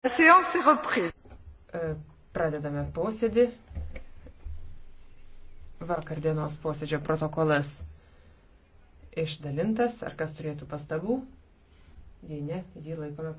E, pradedame posėdį. Vakardienos posėdžio protokolas išdalintas. Ar kas turėtų pastabų? Jei ne, jį laikome.